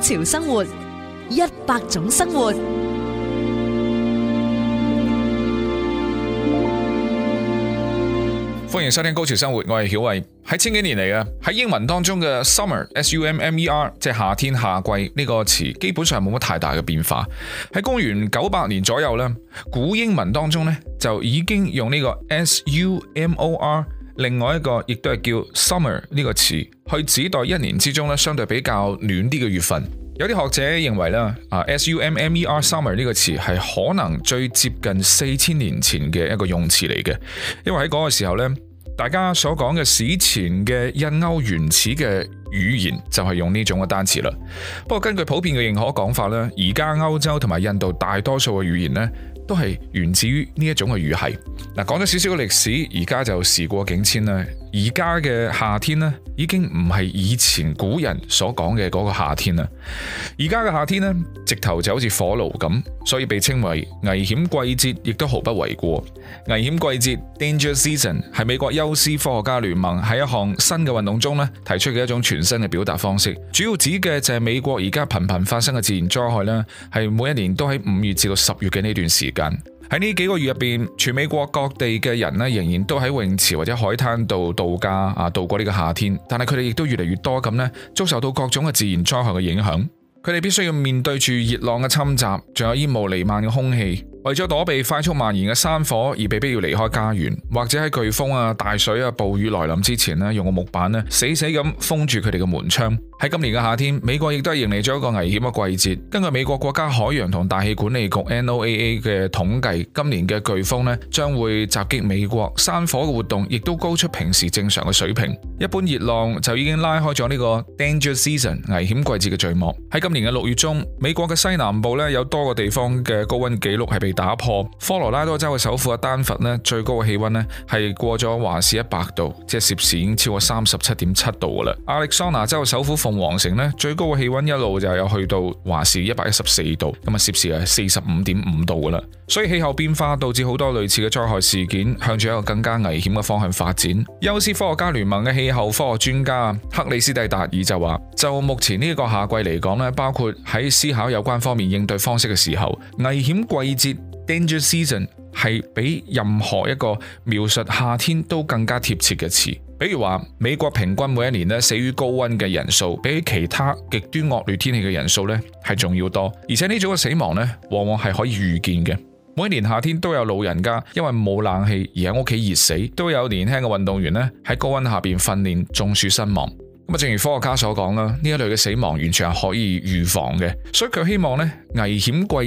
高潮生活，一百種生活。歡迎收聽《高潮生活》，我係曉慧。喺千幾年嚟啊，喺英文當中嘅 summer（s u m m e r） 即係夏天、夏季呢個詞基本上冇乜太大嘅變化。喺公元九百年左右呢，古英文當中呢，就已經用呢個 s u m o r。另外一個亦都係叫 summer 呢個詞，去指代一年之中咧相對比較暖啲嘅月份。有啲學者認為咧，啊 s u m m e r summer 呢個詞係可能最接近四千年前嘅一個用詞嚟嘅，因為喺嗰個時候咧，大家所講嘅史前嘅印歐原始嘅語言就係用呢種嘅單詞啦。不過根據普遍嘅認可講法咧，而家歐洲同埋印度大多數嘅語言咧，都係源自於呢一種嘅語系。嗱，講咗少少嘅歷史，而家就時過境遷啦。而家嘅夏天呢，已經唔係以前古人所講嘅嗰個夏天啦。而家嘅夏天呢，直頭就好似火爐咁，所以被稱為危險季節，亦都毫不為過。危險季節 （danger season） 係美國憂思科學家聯盟喺一項新嘅運動中咧提出嘅一種全新嘅表達方式，主要指嘅就係美國而家頻頻發生嘅自然災害啦。係每一年都喺五月至到十月嘅呢段時。喺呢幾個月入邊，全美國各地嘅人咧仍然都喺泳池或者海灘度度假啊，度過呢個夏天。但係佢哋亦都越嚟越多咁呢遭受到各種嘅自然災害嘅影響。佢哋必須要面對住熱浪嘅侵襲，仲有煙霧彌漫嘅空氣。為咗躲避快速蔓延嘅山火，而被逼要離開家園，或者喺颶風啊、大水啊、暴雨來臨之前呢用個木板呢死死咁封住佢哋嘅門窗。喺今年嘅夏天，美國亦都係迎嚟咗一個危險嘅季節。根據美國國家海洋同大氣管理局 （NOAA） 嘅統計，今年嘅颶風呢將會襲擊美國，山火嘅活動亦都高出平時正常嘅水平。一般熱浪就已經拉開咗呢個 danger season 危險季節嘅序幕。喺今年嘅六月中，美國嘅西南部呢有多個地方嘅高溫紀錄係被打破。科羅拉多州嘅首府嘅丹佛呢最高嘅氣溫呢係過咗華氏一百度，即係攝氏已經超過三十七點七度噶啦。亞利桑拿州嘅首府鳳凰城咧最高嘅氣溫一路就有去到華氏一百一十四度，咁啊攝氏係四十五點五度噶啦。所以氣候變化導致好多類似嘅災害事件向住一個更加危險嘅方向發展。優斯科學家聯盟嘅氣候科學專家克里斯蒂達爾就話：就目前呢個夏季嚟講咧，包括喺思考有關方面應對方式嘅時候，危險季節 Danger season 係比任何一個描述夏天都更加貼切嘅詞。比如話，美國平均每一年咧死於高温嘅人數，比其他極端惡劣天氣嘅人數咧係仲要多，而且呢種死亡咧往往係可以預見嘅。每一年夏天都有老人家因為冇冷氣而喺屋企熱死，都有年輕嘅運動員咧喺高温下面訓練中暑身亡。咁正如科學家所講啦，呢一類嘅死亡完全係可以預防嘅，所以佢希望咧，危險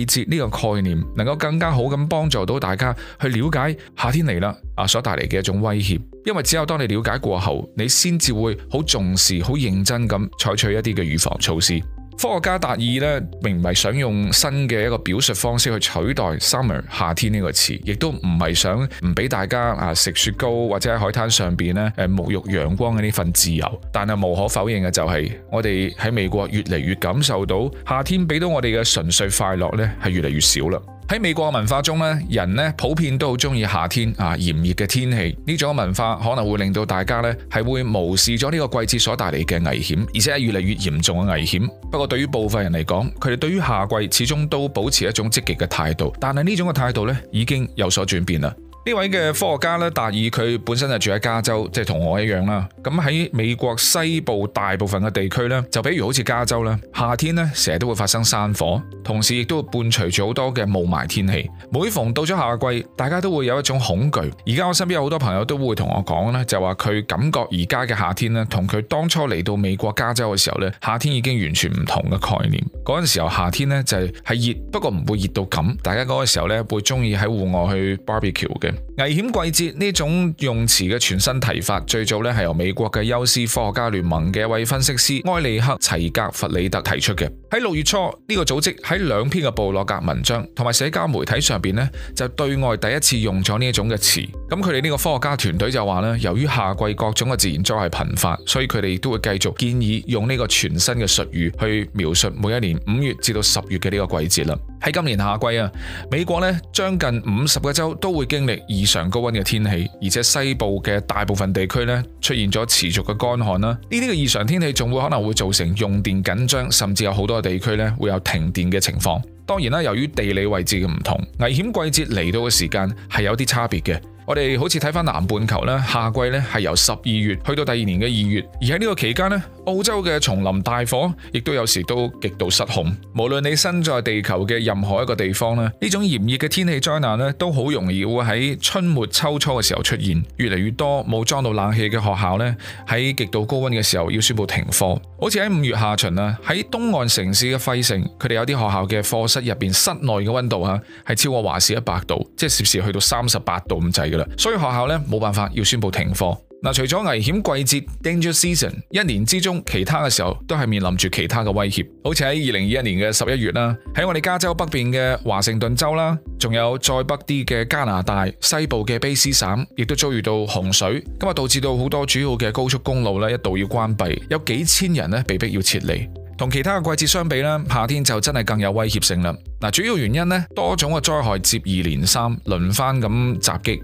季節呢個概念能夠更加好咁幫助到大家去了解夏天嚟啦啊，所帶嚟嘅一種威脅，因為只有當你了解過後，你先至會好重視、好認真咁採取一啲嘅預防措施。科學家達爾咧，並唔係想用新嘅一個表述方式去取代 summer 夏天呢個詞，亦都唔係想唔俾大家啊食雪糕或者喺海灘上邊咧誒沐浴陽光嘅呢份自由。但係無可否認嘅就係、是，我哋喺美國越嚟越感受到夏天俾到我哋嘅純粹快樂咧，係越嚟越少啦。喺美國文化中咧，人咧普遍都好中意夏天啊炎熱嘅天氣。呢種文化可能會令到大家咧係會無視咗呢個季節所帶嚟嘅危險，而且係越嚟越嚴重嘅危險。不過對於部分人嚟講，佢哋對於夏季始終都保持一種積極嘅態度，但係呢種嘅態度咧已經有所轉變啦。呢位嘅科學家咧，達爾佢本身就住喺加州，即係同我一樣啦。咁喺美國西部大部分嘅地區呢，就比如好似加州啦，夏天呢成日都會發生山火，同時亦都會伴隨住好多嘅霧霾天氣。每逢到咗夏季，大家都會有一種恐懼。而家我身邊有好多朋友都會同我講咧，就話佢感覺而家嘅夏天呢，同佢當初嚟到美國加州嘅時候呢，夏天已經完全唔同嘅概念。嗰陣時候夏天呢，就係係熱，不過唔會熱到咁。大家嗰個時候呢，會鍾意喺戶外去 barbecue 嘅。危險季節呢種用詞嘅全新提法，最早呢係由美國嘅休斯科學家聯盟嘅一位分析師埃里克齊格弗里特提出嘅。喺六月初，呢個組織喺兩篇嘅布洛格文章同埋社交媒體上邊呢，就對外第一次用咗呢一種嘅詞。咁佢哋呢個科學家團隊就話呢，由於夏季各種嘅自然災害頻發，所以佢哋都會繼續建議用呢個全新嘅術語去描述每一年五月至到十月嘅呢個季節啦。喺今年夏季啊，美國呢將近五十個州都會經歷異常高温嘅天氣，而且西部嘅大部分地區呢，出現咗持續嘅乾旱啦。呢啲嘅異常天氣仲會可能會造成用電緊張，甚至有好多嘅地區呢會有停電嘅情況。當然啦，由於地理位置嘅唔同，危險季節嚟到嘅時間係有啲差別嘅。我哋好似睇翻南半球呢，夏季呢係由十二月去到第二年嘅二月，而喺呢個期間呢。澳洲嘅叢林大火，亦都有時都極度失控。無論你身在地球嘅任何一個地方咧，呢種炎熱嘅天氣災難咧，都好容易會喺春末秋初嘅時候出現。越嚟越多冇裝到冷氣嘅學校呢，喺極度高溫嘅時候要宣布停課。好似喺五月下旬啊，喺東岸城市嘅費城，佢哋有啲學校嘅課室入邊室內嘅溫度吓係超過華氏一百度，即係攝氏去到三十八度咁滯噶啦，所以學校呢冇辦法要宣布停課。除咗危險季節 （danger season），一年之中其他嘅時候都係面臨住其他嘅威脅，好似喺二零二一年嘅十一月啦，喺我哋加州北邊嘅華盛頓州啦，仲有再北啲嘅加拿大西部嘅卑詩省，亦都遭遇到洪水，咁啊導致到好多主要嘅高速公路咧一度要關閉，有幾千人咧被逼要撤離。同其他嘅季節相比呢，夏天就真係更有威脅性啦。嗱，主要原因呢，多種嘅災害接二連三，輪番咁襲擊。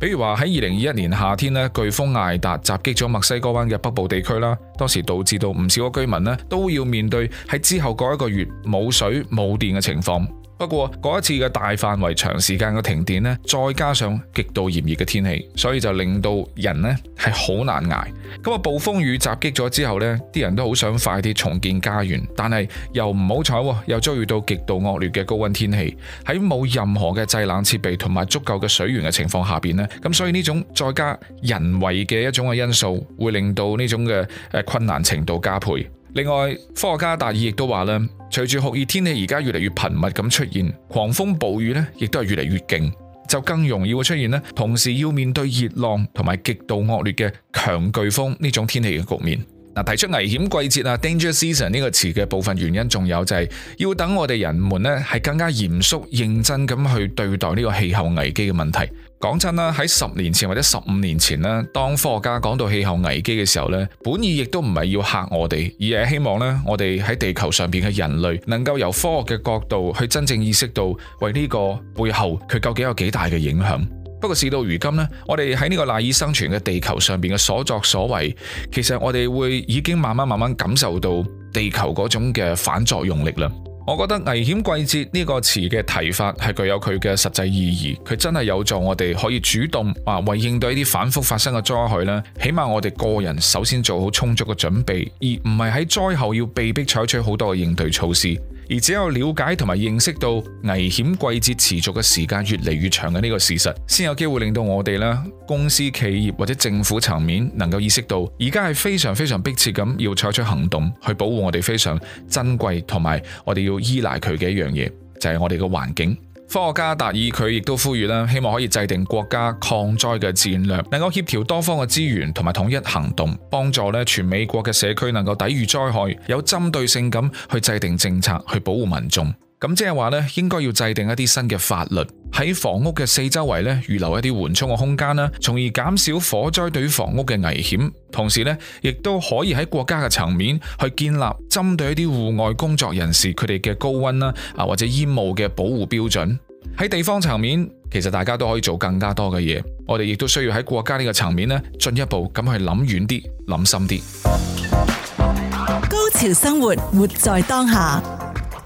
比如話喺二零二一年夏天呢，颶風艾達襲擊咗墨西哥灣嘅北部地區啦，當時導致到唔少嘅居民呢都要面對喺之後嗰一個月冇水冇電嘅情況。不過嗰一次嘅大範圍、長時間嘅停電呢，再加上極度炎熱嘅天氣，所以就令到人呢係好難捱。咁啊，暴風雨襲擊咗之後呢，啲人都好想快啲重建家園，但係又唔好彩，又遭遇到極度惡劣嘅高溫天氣。喺冇任何嘅製冷設備同埋足夠嘅水源嘅情況下邊呢，咁所以呢種再加人為嘅一種嘅因素，會令到呢種嘅困難程度加倍。另外，科學家達爾亦都話咧，隨住酷熱天氣而家越嚟越頻密咁出現，狂風暴雨咧亦都係越嚟越勁，就更容易會出現咧，同時要面對熱浪同埋極度惡劣嘅強颶風呢種天氣嘅局面。嗱，提出危險季節啊 danger season 呢個詞嘅部分原因，仲有就係、是、要等我哋人們咧係更加嚴肅認真咁去對待呢個氣候危機嘅問題。講真啦，喺十年前或者十五年前啦，當科學家講到氣候危機嘅時候呢，本意亦都唔係要吓我哋，而係希望呢，我哋喺地球上邊嘅人類能夠由科學嘅角度去真正意識到，為呢個背後佢究竟有幾大嘅影響。不過事到如今呢，我哋喺呢個賴以生存嘅地球上邊嘅所作所為，其實我哋會已經慢慢慢慢感受到地球嗰種嘅反作用力啦。我覺得危險季節呢個詞嘅提法係具有佢嘅實際意義，佢真係有助我哋可以主動啊為應對呢啲反覆發生嘅災害呢，起碼我哋個人首先做好充足嘅準備，而唔係喺災後要被迫採取好多嘅應對措施。而只有了解同埋認識到危險季節持續嘅時間越嚟越長嘅呢個事實，先有機會令到我哋啦公司、企業或者政府層面能夠意識到，而家係非常非常迫切咁要採取行動去保護我哋非常珍貴同埋我哋要依賴佢嘅一樣嘢，就係我哋嘅環境。科學家達爾佢亦都呼籲啦，希望可以制定國家抗災嘅戰略，能夠協調多方嘅資源同埋統一行動，幫助咧全美國嘅社區能夠抵禦災害，有針對性咁去制定政策，去保護民眾。咁即係話咧，應該要制定一啲新嘅法律，喺房屋嘅四周圍呢，預留一啲緩衝嘅空間啦，從而減少火災對於房屋嘅危險。同時呢，亦都可以喺國家嘅層面去建立針對一啲戶外工作人士，佢哋嘅高溫啦，啊或者煙霧嘅保護標準。喺地方層面，其實大家都可以做更加多嘅嘢。我哋亦都需要喺國家呢個層面呢，進一步咁去諗遠啲、諗深啲。高潮生活，活在當下。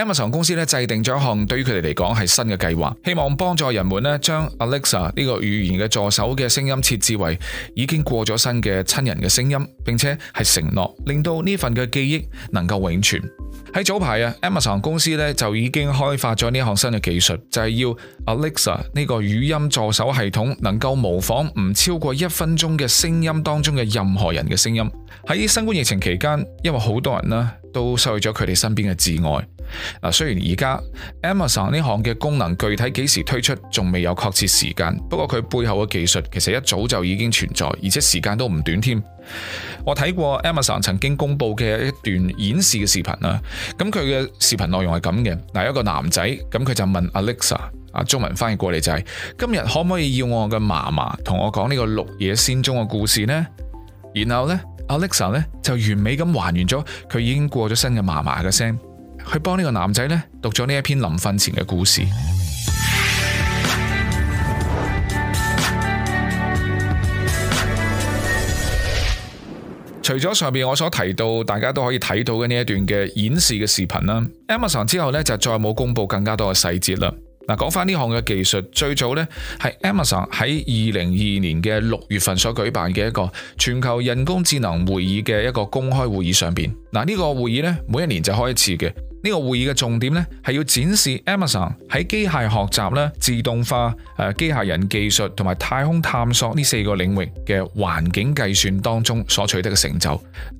Amazon 公司咧制定咗一項對於佢哋嚟講係新嘅計劃，希望幫助人們咧將 Alexa 呢個語言嘅助手嘅聲音設置為已經過咗身嘅親人嘅聲音，並且係承諾令到呢份嘅記憶能夠永存。喺早排啊，Amazon 公司咧就已經開發咗呢一項新嘅技術，就係要 Alexa 呢個語音助手系統能夠模仿唔超過一分鐘嘅聲音當中嘅任何人嘅聲音。喺新冠疫情期間，因為好多人啦。都失去咗佢哋身邊嘅摯愛。嗱，雖然而家 Amazon 呢項嘅功能具體幾時推出，仲未有確切時間。不過佢背後嘅技術其實一早就已經存在，而且時間都唔短添。我睇過 Amazon 曾經公佈嘅一段演示嘅視頻啦。咁佢嘅視頻內容係咁嘅，嗱，一個男仔，咁佢就問 Alexa，啊中文翻譯過嚟就係、是：今日可唔可以要我嘅嫲嫲同我講呢個綠野仙蹤嘅故事呢？然後呢？Alexa 咧，就完美咁還原咗佢已經過咗身嘅嫲嫲嘅聲，去幫呢個男仔咧，讀咗呢一篇臨瞓前嘅故事。 除咗上面我所提到，大家都可以睇到嘅呢一段嘅演示嘅視頻啦，Amazon 之後呢就再冇公佈更加多嘅細節啦。嗱，講翻呢項嘅技術，最早呢係 Amazon 喺二零二二年嘅六月份所舉辦嘅一個全球人工智能會議嘅一個公開會議上邊。嗱，呢個會議呢，每一年就開一次嘅。呢、這個會議嘅重點呢，係要展示 Amazon 喺機械學習呢、自動化、誒機械人技術同埋太空探索呢四個領域嘅環境計算當中所取得嘅成就。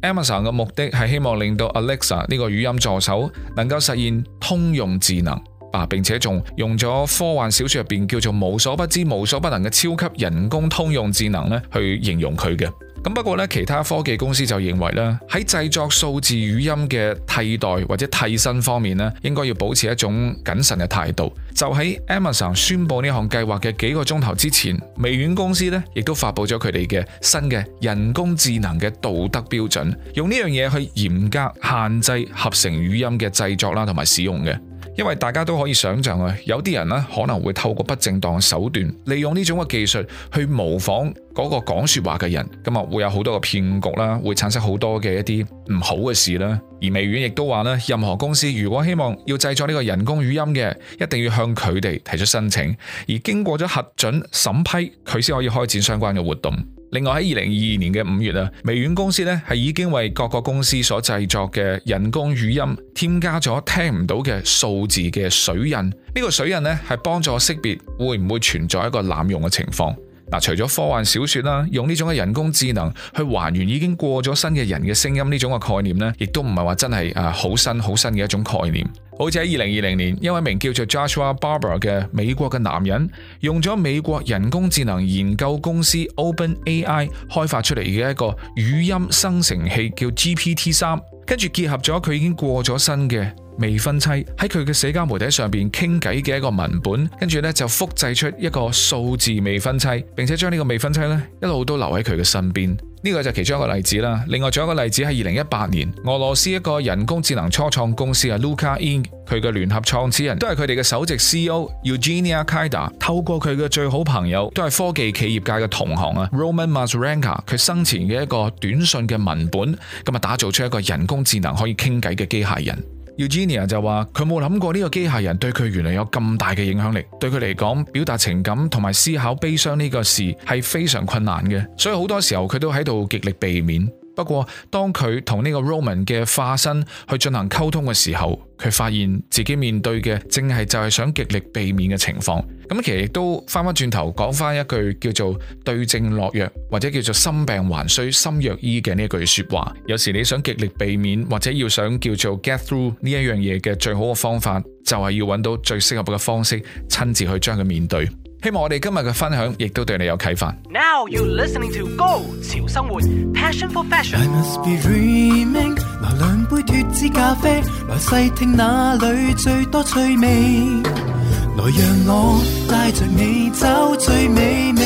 Amazon 嘅目的係希望令到 Alexa 呢個語音助手能夠實現通用智能。啊！並且仲用咗科幻小說入邊叫做無所不知、無所不能嘅超級人工通用智能咧，去形容佢嘅。咁不過咧，其他科技公司就認為咧，喺製作數字語音嘅替代或者替身方面咧，應該要保持一種謹慎嘅態度。就喺 Amazon 宣布呢項計劃嘅幾個鐘頭之前，微軟公司咧亦都發布咗佢哋嘅新嘅人工智能嘅道德標準，用呢樣嘢去嚴格限制合成語音嘅製作啦，同埋使用嘅。因為大家都可以想象啊，有啲人咧可能會透過不正當嘅手段，利用呢種嘅技術去模仿嗰個講説話嘅人，今日會有好多嘅騙局啦，會產生好多嘅一啲唔好嘅事啦。而微軟亦都話咧，任何公司如果希望要製作呢個人工語音嘅，一定要向佢哋提出申請，而經過咗核准審批，佢先可以開展相關嘅活動。另外喺二零二二年嘅五月啊，微軟公司咧係已經為各個公司所製作嘅人工語音添加咗聽唔到嘅數字嘅水印，呢個水印呢係幫助識別會唔會存在一個濫用嘅情況。嗱，除咗科幻小説啦，用呢種嘅人工智能去還原已經過咗身嘅人嘅聲音呢種嘅概念呢亦都唔係話真係啊好新好新嘅一種概念。好似喺二零二零年，一位名叫做 Joshua Barber 嘅美國嘅男人，用咗美國人工智能研究公司 OpenAI 開發出嚟嘅一個語音生成器叫 GPT 三，跟住結合咗佢已經過咗身嘅未婚妻喺佢嘅社交媒體上邊傾偈嘅一個文本，跟住呢就複製出一個數字未婚妻，並且將呢個未婚妻呢一路都留喺佢嘅身邊。呢個就其中一個例子啦。另外仲有一個例子係二零一八年俄羅斯一個人工智能初創公司啊 Luka Inc 佢嘅聯合創始人都係佢哋嘅首席 C E O Eugenia Kaida 透過佢嘅最好朋友都係科技企業界嘅同行啊，Roman Masranka 佢生前嘅一個短信嘅文本咁啊，打造出一個人工智能可以傾偈嘅機械人。Eugenia 就話佢冇諗過呢個機械人對佢原來有咁大嘅影響力，對佢嚟講表達情感同埋思考悲傷呢個事係非常困難嘅，所以好多時候佢都喺度極力避免。不過，當佢同呢個 Roman 嘅化身去進行溝通嘅時候，佢發現自己面對嘅正係就係想極力避免嘅情況。咁其實亦都翻翻轉頭講翻一句叫做對症落藥或者叫做心病還需心藥醫嘅呢句說話。有時你想極力避免或者要想叫做 get through 呢一樣嘢嘅最好嘅方法，就係、是、要揾到最適合嘅方式，親自去將佢面對。希望我哋今日嘅分享，亦都對你有啟發。Now you're listening to 高潮生活，Passion for fashion。I must be dreaming。來兩杯脱脂咖啡，來細聽哪裏最多趣味。來讓我帶着你找最美味，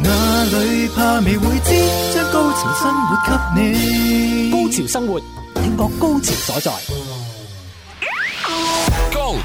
哪裏怕未會知，將高潮生活給你。高潮生活，聽我高潮所在。